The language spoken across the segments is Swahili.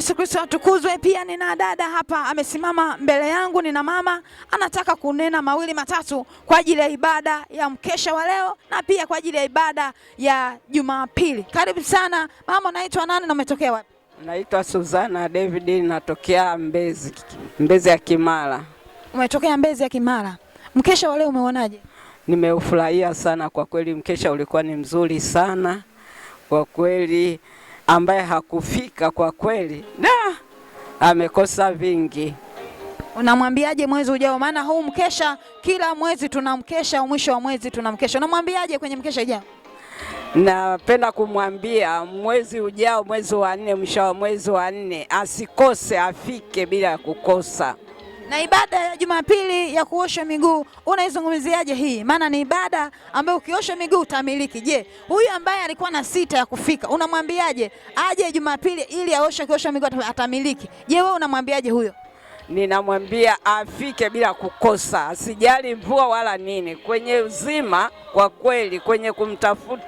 Yesu Kristo atukuzwe. Pia nina dada hapa amesimama mbele yangu, nina mama anataka kunena mawili matatu kwa ajili ya ibada ya mkesha wa leo na pia kwa ajili ya ibada ya Jumapili. Karibu sana mama, unaitwa nani na umetokea wapi? Naitwa Suzana David, natokea Mbezi, Mbezi ya Kimara. Umetokea Mbezi ya Kimara, mkesha wa leo umeonaje? Nimeufurahia sana kwa kweli, mkesha ulikuwa ni mzuri sana kwa kweli ambaye hakufika kwa kweli, na amekosa vingi. Unamwambiaje mwezi ujao? Maana huu mkesha kila mwezi tunamkesha, mwisho wa mwezi tunamkesha. Unamwambiaje kwenye mkesha ujao? Napenda kumwambia mwezi ujao, mwezi wa nne, mwisho wa mwezi wa nne, asikose, afike bila kukosa. Na ibada ya Jumapili ya kuosha miguu unaizungumziaje hii? Maana ni ibada ambayo ukiosha miguu utamiliki. Je, huyu ambaye alikuwa na sita ya kufika unamwambiaje aje Jumapili ili aoshe, kiosha miguu atamiliki? Je, wewe unamwambiaje huyo? Ninamwambia afike bila kukosa, asijali mvua wala nini. Kwenye uzima kwa kweli, kwenye kumtafuta,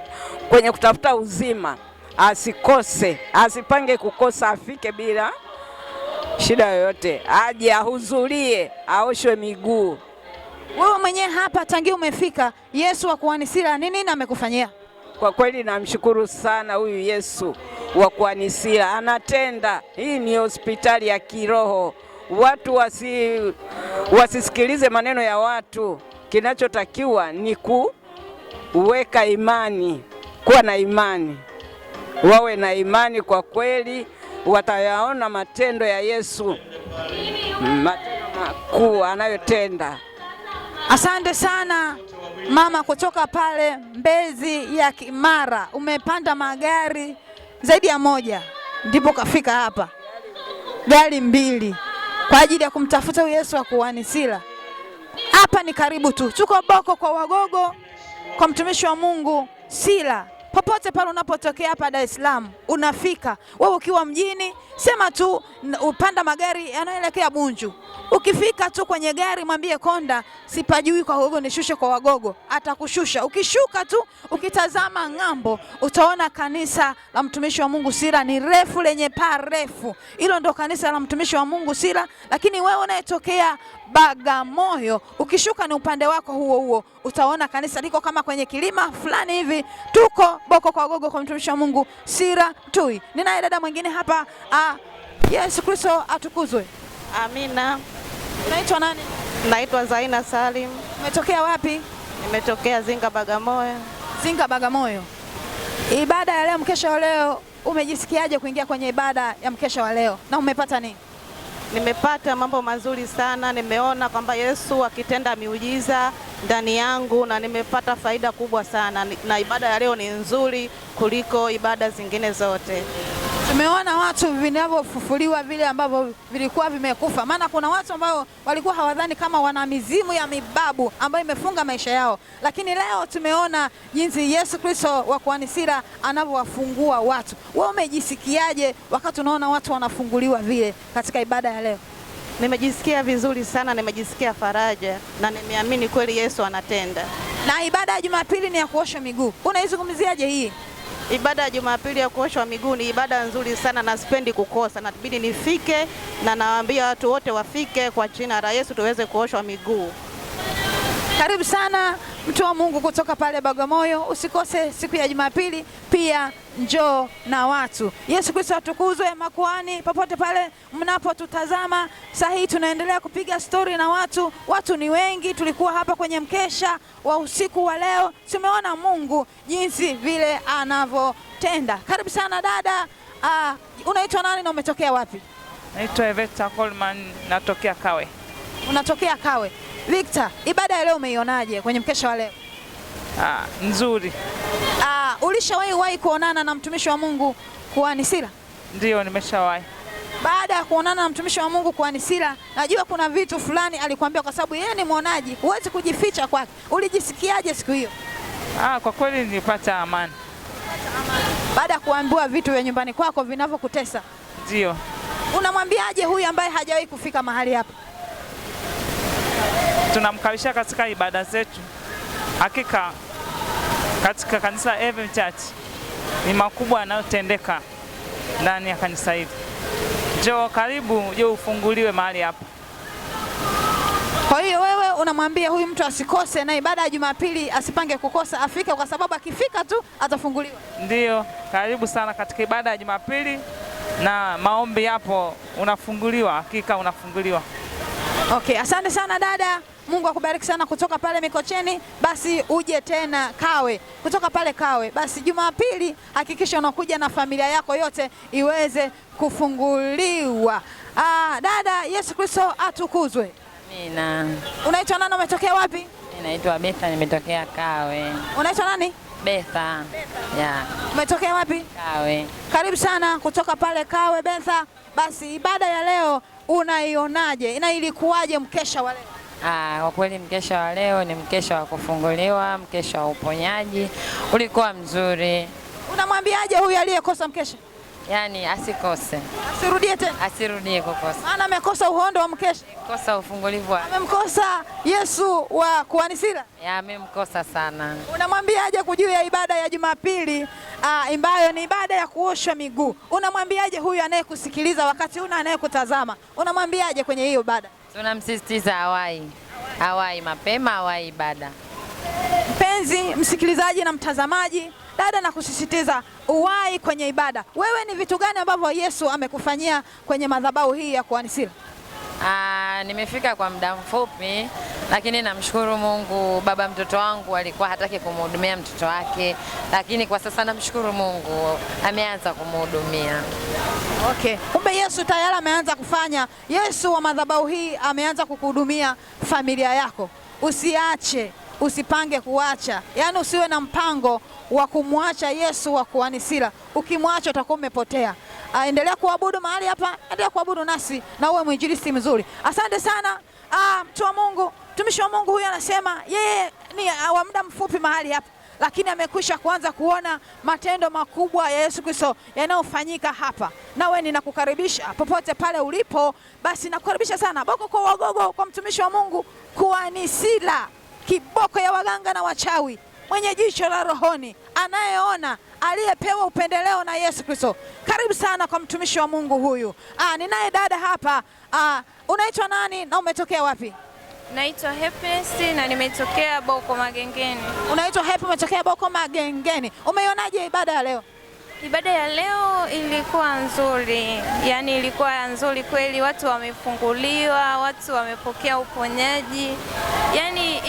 kwenye kutafuta uzima asikose, asipange kukosa, afike bila shida yoyote aje ahudhurie aoshwe miguu. Wewe mwenyewe hapa tangia umefika Yesu wa ni nini na amekufanyia? Kwa kweli namshukuru sana huyu Yesu wa kuhanisira, anatenda. Hii ni hospitali ya kiroho, watu wasi, wasisikilize maneno ya watu. Kinachotakiwa ni kuweka imani, kuwa na imani, wawe na imani kwa kweli watayaona matendo ya Yesu, matendo makuu anayotenda. Asante sana mama, kutoka pale Mbezi ya Kimara umepanda magari zaidi ya moja ndipo ukafika hapa, gari mbili kwa ajili ya kumtafuta Yesu wa sila Hapa ni karibu tu, tuko Boko kwa Wagogo, kwa mtumishi wa Mungu Sila popote pale unapotokea hapa Dar es Salaam unafika wewe, ukiwa mjini sema tu upanda magari yanayoelekea Bunju. Ukifika tu kwenye gari mwambie konda, sipajui kwa gogo, nishushe kwa Wagogo, atakushusha. Ukishuka tu ukitazama ng'ambo, utaona kanisa la mtumishi wa Mungu Sila, ni refu lenye paa refu. Hilo ndo kanisa la mtumishi wa Mungu Sila. Lakini wewe unayetokea Bagamoyo. Ukishuka ni upande wako huo huo, utaona kanisa liko kama kwenye kilima fulani hivi. Tuko boko kwa gogo kwa mtumishi wa Mungu Sira Tui. Ninaye dada mwingine hapa. Ah, Yesu Kristo atukuzwe. Amina. Unaitwa nani? Naitwa Zaina Salim. Umetokea wapi? Nimetokea Zinga Bagamoyo. Zinga Bagamoyo. Ibada ya leo, mkesha wa leo, umejisikiaje kuingia kwenye ibada ya mkesha wa leo na umepata nini? nimepata mambo mazuri sana, nimeona kwamba Yesu akitenda miujiza ndani yangu na nimepata faida kubwa sana, na ibada ya leo ni nzuri kuliko ibada zingine zote. Tumeona watu vinavyofufuliwa vile ambavyo vilikuwa vimekufa, maana kuna watu ambao walikuwa hawadhani kama wana mizimu ya mibabu ambayo imefunga maisha yao, lakini leo tumeona jinsi Yesu Kristo wa kuanisira anavyowafungua watu. Wewe umejisikiaje wakati unaona watu wanafunguliwa vile katika ibada ya leo? Nimejisikia vizuri sana, nimejisikia faraja na nimeamini kweli Yesu anatenda. Na ibada ya Jumapili ni ya kuosha miguu, unaizungumziaje hii? Ibada ya Jumapili ya kuoshwa miguu ni ibada nzuri sana na sipendi kukosa, na nifike, na nawaambia watu wote wafike kwa jina la Yesu tuweze kuoshwa miguu. Karibu sana mtu wa Mungu kutoka pale Bagamoyo, usikose siku ya Jumapili pia, njoo na watu. Yesu Kristo atukuzwe. Makuani popote pale mnapotutazama saa hii, tunaendelea kupiga stori na watu. Watu ni wengi, tulikuwa hapa kwenye mkesha wa usiku wa leo, tumeona Mungu jinsi vile anavyotenda. Karibu sana dada. Uh, unaitwa nani na umetokea wapi? Naitwa Eveta Coleman, natokea Kawe unatokea Kawe. Victor, ibada ya leo umeionaje kwenye mkesha wa leo? Ah, nzuri. Ah, ulishawahi wahi kuonana na mtumishi wa Mungu kuhani Sila? Ndiyo, nimeshawahi. Baada ya kuonana na mtumishi wa Mungu kuhani Sila, najua kuna vitu fulani alikwambia, kwa sababu yeye ni mwonaji, huwezi kujificha kwake. Ulijisikiaje siku hiyo? Ah, kwa kweli nilipata amani baada ya kuambiwa vitu vya nyumbani kwako vinavyokutesa. Ndio. Unamwambiaje huyu ambaye hajawahi kufika mahali hapa? tunamkaribisha katika ibada zetu. Hakika katika kanisa la Evem Church ni makubwa yanayotendeka ndani ya kanisa hili. Njoo karibu, njoo ufunguliwe mahali hapa. Kwa hiyo wewe unamwambia huyu mtu asikose, na ibada ya Jumapili asipange kukosa, afike, kwa sababu akifika tu atafunguliwa. Ndiyo, karibu sana katika ibada ya Jumapili na maombi yapo, unafunguliwa. Hakika unafunguliwa. Okay, asante sana dada, Mungu akubariki sana kutoka pale Mikocheni. Basi uje tena Kawe, kutoka pale Kawe. Basi Jumapili hakikisha unakuja na familia yako yote iweze kufunguliwa. Ah, dada, Yesu Kristo atukuzwe. Amina. Unaitwa nani, umetokea wapi? Naitwa Betha, nimetokea Kawe. Unaitwa nani? Betha. Betha. Yeah. Umetokea wapi? Kawe. Karibu sana kutoka pale Kawe Betha. Basi ibada ya leo unaionaje na ilikuwaje mkesha wa leo? Ah, kwa kweli mkesha wa leo ni mkesha wa kufunguliwa, mkesha wa uponyaji ulikuwa mzuri. Unamwambiaje huyu aliyekosa mkesha? yani asikose, asirudie tena, asirudie kukosa, maana amekosa uhondo wa mkesha, kosa ufungulivu, amemkosa Yesu wa kuanisira, amemkosa sana. Unamwambiaje juu ya ibada ya Jumapili ah, ambayo ni ibada ya kuosha miguu? Unamwambiaje huyu anayekusikiliza wakati una anayekutazama, unamwambiaje kwenye hiyo ibada? Tunamsisitiza awai awai mapema, awai ibada. Mpenzi msikilizaji na mtazamaji dada, na kusisitiza uwai kwenye ibada. Wewe ni vitu gani ambavyo Yesu amekufanyia kwenye madhabahu hii ya kuanisila Aa, ah, nimefika kwa muda mfupi lakini namshukuru Mungu. Baba mtoto wangu alikuwa hataki kumhudumia mtoto wake, lakini kwa sasa namshukuru Mungu ameanza kumhudumia. Okay, kumbe Yesu tayari ameanza kufanya. Yesu wa madhabahu hii ameanza kukuhudumia familia yako. Usiache, usipange kuacha, yaani usiwe na mpango wa kumwacha Yesu wa Sila. Ukimwacha utakuwa umepotea. aendelea ah, kuabudu mahali hapa, endelea kuabudu nasi na uwe mwinjilisti mzuri. Asante sana ah, mtu wa Mungu, mtumishi wa Mungu huyu anasema yeye ni wa muda mfupi mahali hapa, lakini amekwisha kuanza kuona matendo makubwa ya Yesu Kristo yanayofanyika hapa. Nawe ninakukaribisha popote pale ulipo, basi nakukaribisha sana boko kwa wagogo, kwa mtumishi wa Mungu kuanisila, kiboko ya waganga na wachawi mwenye jicho la rohoni, anayeona, aliyepewa upendeleo na Yesu Kristo. Karibu sana kwa mtumishi wa Mungu huyu. Ah, ninaye dada hapa. Ah, unaitwa nani na umetokea wapi? Naitwa Happiness na nimetokea Boko Magengeni. Unaitwa Happy, umetokea Boko Magengeni. Umeionaje ibada ya leo? Ibada ya leo ilikuwa nzuri, yaani ilikuwa nzuri kweli, watu wamefunguliwa, watu wamepokea uponyaji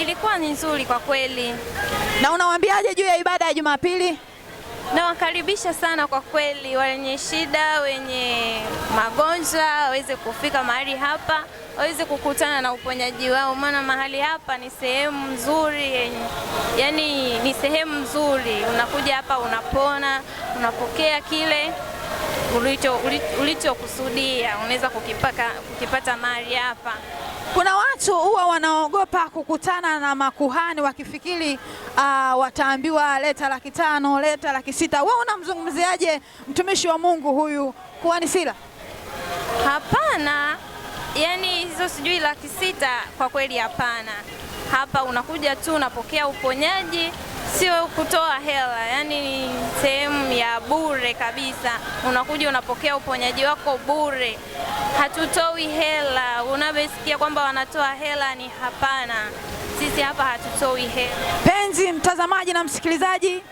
ilikuwa ni nzuri kwa kweli. Na unawaambiaje juu ya ibada ya Jumapili? Nawakaribisha sana kwa kweli, wenye shida, wenye magonjwa waweze kufika mahali hapa, waweze kukutana na uponyaji wao, maana mahali hapa ni sehemu nzuri yenye, yani ni sehemu nzuri. Unakuja hapa unapona, unapokea kile ulichokusudia, ulicho unaweza kukipata mahali hapa. Kuna watu huwa wanaogopa kukutana na makuhani wakifikiri uh, wataambiwa leta laki tano, leta laki sita. Wewe unamzungumziaje mtumishi wa Mungu huyu ni Sila? Hapana, yani hizo sijui laki sita, kwa kweli hapana. Hapa unakuja tu unapokea uponyaji sio kutoa hela, yani ni sehemu ya bure kabisa. Unakuja unapokea uponyaji wako bure, hatutoi hela. Unavyosikia kwamba wanatoa hela, ni hapana, sisi hapa hatutoi hela. Penzi mtazamaji na msikilizaji,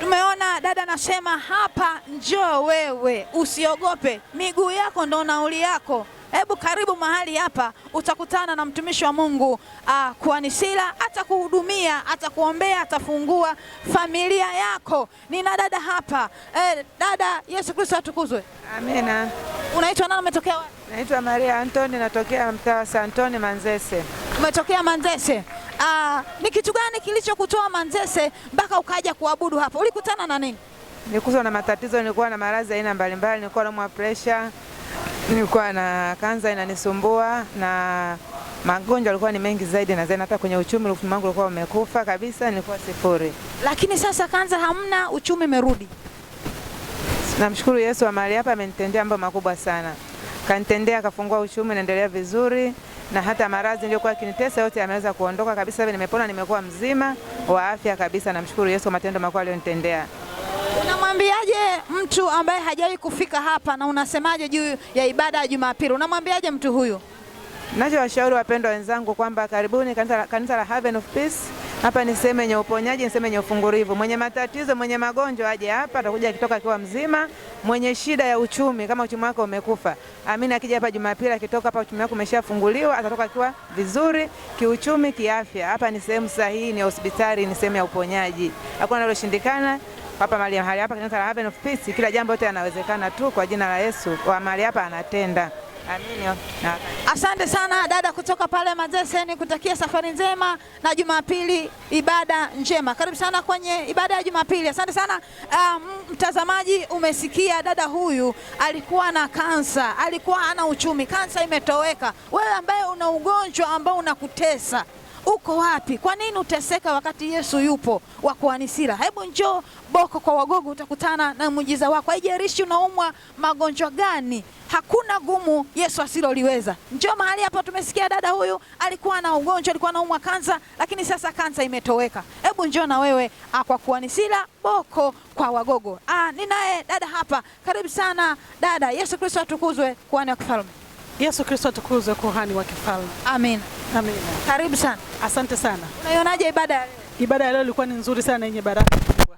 tumeona dada anasema hapa, njoo wewe, usiogope, miguu yako ndo nauli yako. Hebu karibu mahali hapa, utakutana na mtumishi wa Mungu uh, ah, Kuanisila atakuhudumia, atakuombea, atafungua familia yako. Nina dada hapa eh, dada. Yesu Kristo atukuzwe, amina. Unaitwa nani? Umetokea wapi? Naitwa Maria Antoni, natokea mtaa wa Santoni Manzese. Umetokea Manzese. Ah, ni kitu gani kilichokutoa Manzese mpaka ukaja kuabudu hapa? Ulikutana na nini? Nilikutana na matatizo, nilikuwa na maradhi aina mbalimbali, nilikuwa naumwa pressure nilikuwa na kanza inanisumbua na magonjwa yalikuwa ni mengi zaidi, zaidi, hata kwenye uchumi uchumi wangu ulikuwa umekufa kabisa, nilikuwa sifuri. Lakini sasa kanza hamna, uchumi umerudi. Namshukuru Yesu wa mahali hapa, amenitendea mambo makubwa sana, kanitendea akafungua uchumi, naendelea vizuri na hata maradhi niliyokuwa kinitesa yote yameweza kuondoka kabisa. Nimepona, nimekuwa mzima wa afya kabisa. Namshukuru Yesu kwa matendo makubwa aliyonitendea. Unamwambiaje mtu ambaye hajawahi kufika hapa na unasemaje juu ya ibada ya Jumapili? Unamwambiaje mtu huyu? Nachowashauri wapendwa wenzangu kwamba karibuni kanisa, kanisa la Haven of Peace. Hapa ni sehemu yenye uponyaji, ni sehemu yenye ufungurivu. Mwenye matatizo, mwenye magonjwa aje hapa, atakuja akitoka akiwa mzima. Mwenye shida ya uchumi, kama uchumi wako umekufa, amini, akija hapa Jumapili, akitoka hapa uchumi wako umeshafunguliwa, atatoka akiwa vizuri kiuchumi, kiafya. Hapa ni sehemu sahihi, ni hospitali, ni sehemu ya uponyaji, hakuna linaloshindikana hapa mahali hapa kanisa la of Peace, kila jambo yote yanawezekana tu kwa jina la Yesu, wa mahali hapa anatenda. Amina. Asante sana dada kutoka pale Mazeseni, kutakia safari njema na Jumapili ibada njema. Karibu sana kwenye ibada ya Jumapili. Asante sana um, mtazamaji, umesikia dada huyu alikuwa na kansa, alikuwa ana uchumi, kansa imetoweka. Wewe ambaye una ugonjwa ambao unakutesa uko wapi? Kwa nini uteseka wakati Yesu yupo? wa kuanisira, hebu njoo Boko kwa Wagogo, utakutana na muujiza wako. Haijalishi unaumwa magonjwa gani, hakuna gumu Yesu asiloliweza. Njoo mahali hapa. Tumesikia dada huyu alikuwa na ugonjwa, alikuwa anaumwa kansa, lakini sasa kansa imetoweka. Hebu njoo na wewe kwa kuanisira, Boko kwa Wagogo. Ah, ninaye dada hapa, karibu sana dada. Yesu Kristo atukuzwe, kuhani wa kifalme. Yesu Kristo atukuzwe, kuhani wa kifalme. Amen. Amina. Karibu sana. Asante sana. Unaionaje ibada ya leo? Ibada ya leo ilikuwa ni nzuri sana yenye baraka kubwa.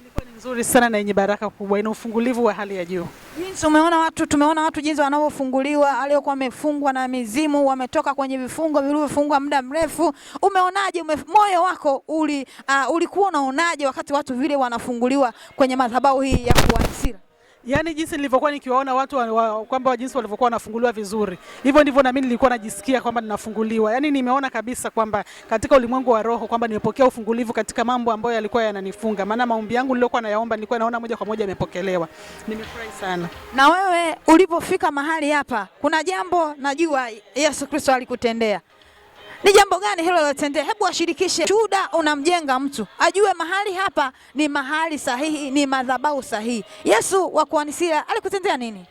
Ilikuwa ni nzuri sana na yenye baraka kubwa, ina ufungulivu wa hali ya juu. Jinsi umeona watu, tumeona watu jinsi wanavyofunguliwa, aliyokuwa wamefungwa na mizimu wametoka kwenye vifungo vilivyofungwa muda mrefu. Umeonaje ume, moyo wako uli, uh, ulikuwa unaonaje wakati watu vile wanafunguliwa kwenye madhabahu hii ya kuasira yani jinsi nilivyokuwa nikiwaona watu wa, kwamba jinsi walivyokuwa wanafunguliwa vizuri, hivyo ndivyo nami nilikuwa najisikia kwamba ninafunguliwa. Yani nimeona kabisa kwamba katika ulimwengu wa roho kwamba nimepokea ufungulivu katika mambo ambayo yalikuwa yananifunga, maana maombi yangu niliyokuwa nayaomba nilikuwa naona moja kwa moja yamepokelewa. Nimefurahi sana. Na wewe ulipofika mahali hapa, kuna jambo najua Yesu Kristo alikutendea ni jambo gani hilo lilotendea? Hebu ashirikishe shuhuda, unamjenga mtu ajue mahali hapa ni mahali sahihi, ni madhabahu sahihi. Yesu wa kuanisia alikutendea nini?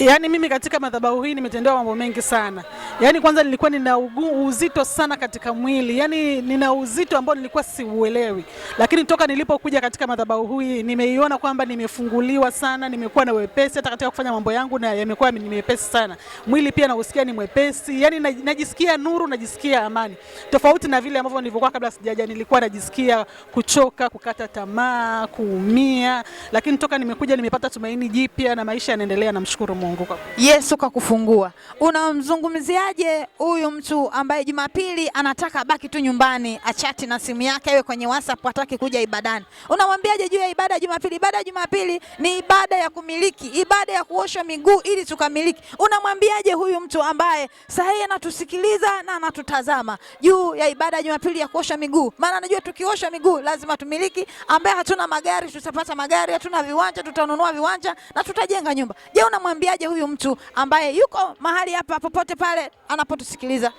Yaani mimi katika madhabahu hii nimetendewa mambo mengi sana. Yaani kwanza nilikuwa nina uzito sana katika mwili, yaani nina uzito ambao nilikuwa siuelewi, lakini toka nilipokuja katika madhabahu hii nimeiona kwamba nimefunguliwa sana, nimekuwa na wepesi hata katika kufanya mambo yangu na yamekuwa ni mepesi sana. Mwili pia nausikia ni mwepesi, yaani najisikia nuru, najisikia amani, tofauti na vile ambavyo nilivyokuwa kabla sijaja. Nilikuwa najisikia kuchoka, kukata tamaa, kuumia, lakini toka nimekuja nimepata tumaini jipya na maisha yanaendelea, namshukuru Mungu. Mungu kwa Yesu kakufungua. Unamzungumziaje huyu mtu ambaye Jumapili anataka baki tu nyumbani, achati na simu yake, iwe kwenye WhatsApp, hataki kuja ibadani? Unamwambiaje juu ya ibada ya Jumapili? Ibada ya Jumapili ni ibada ya kumiliki, ibada ya kuoshwa miguu ili tukamiliki. Unamwambiaje huyu mtu ambaye saa hii anatusikiliza na anatutazama juu ya ibada ya Jumapili ya kuosha miguu? Maana anajua tukiosha miguu lazima tumiliki, ambaye hatuna magari tutapata magari, hatuna viwanja tutanunua viwanja na tutajenga nyumba. Je, unamwambia unamwambiaje huyu mtu ambaye yuko mahali hapa popote pale anapotusikiliza?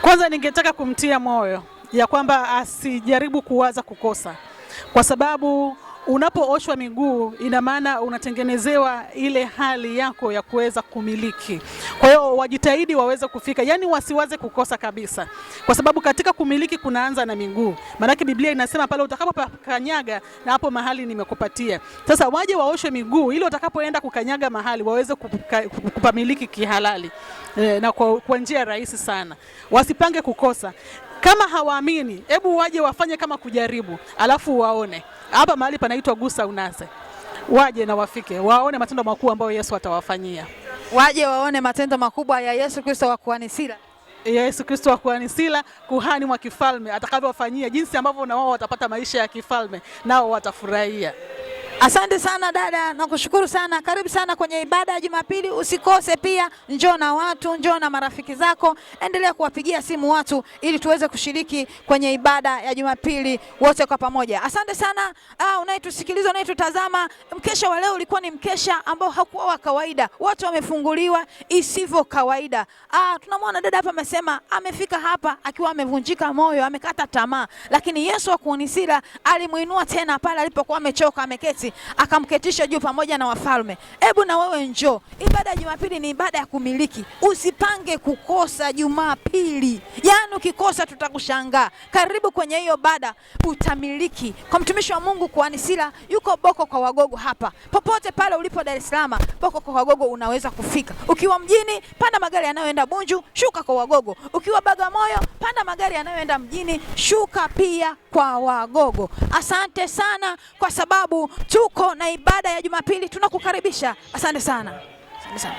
Kwanza ningetaka kumtia moyo ya kwamba asijaribu kuwaza kukosa, kwa sababu unapooshwa miguu ina maana unatengenezewa ile hali yako ya kuweza kumiliki. Kwa hiyo wajitahidi waweze kufika, yani wasiwaze kukosa kabisa, kwa sababu katika kumiliki kunaanza na miguu. Maanake Biblia inasema pale utakapokanyaga na hapo mahali nimekupatia. Sasa waje waoshwe miguu ili watakapoenda kukanyaga mahali waweze kupamiliki kihalali e, na kwa, kwa njia rahisi sana, wasipange kukosa. Kama hawaamini, hebu waje wafanye kama kujaribu, alafu waone. Hapa mahali panaitwa Gusa Unase, waje na wafike waone matendo makubwa ambayo Yesu atawafanyia, waje waone matendo makubwa ya Yesu Kristo wa kuhani Sila Yesu Kristo wa kuhani Sila, kuhani wa kifalme atakavyowafanyia, jinsi ambavyo na wao watapata maisha ya kifalme, nao watafurahia. Asante sana dada, nakushukuru sana. Karibu sana kwenye ibada ya Jumapili. Usikose pia, njoo na watu, njoo na marafiki zako, endelea kuwapigia simu watu ili tuweze kushiriki kwenye ibada ya Jumapili wote kwa pamoja. Asante sana Ah, unayetusikiliza, unayetutazama. Mkesha wa leo ulikuwa ni mkesha ambao hakuwa wa kawaida, watu wamefunguliwa isivyo kawaida. Ah, tunamwona dada hapa amesema amefika hapa akiwa amevunjika moyo, amekata tamaa, lakini Yesu wa Kunisira alimuinua tena pale alipokuwa amechoka, ameketi Mwenyekiti akamketisha juu pamoja na wafalme. Hebu na wewe njoo. Ibada ya Jumapili ni ibada ya kumiliki, usipange kukosa Jumapili. Yaani ukikosa tutakushangaa. Karibu kwenye hiyo ibada utamiliki. Kwa mtumishi wa Mungu Kuanisila yuko Boko kwa Wagogo hapa, popote pale ulipo Dar es Salaam, Boko kwa Wagogo unaweza kufika. Ukiwa mjini, panda magari yanayoenda Bunju, shuka kwa Wagogo. Ukiwa Bagamoyo, panda magari yanayoenda mjini, shuka pia kwa Wagogo. Asante sana kwa sababu tuko na ibada ya Jumapili, tunakukaribisha. Asante sana, asante sana.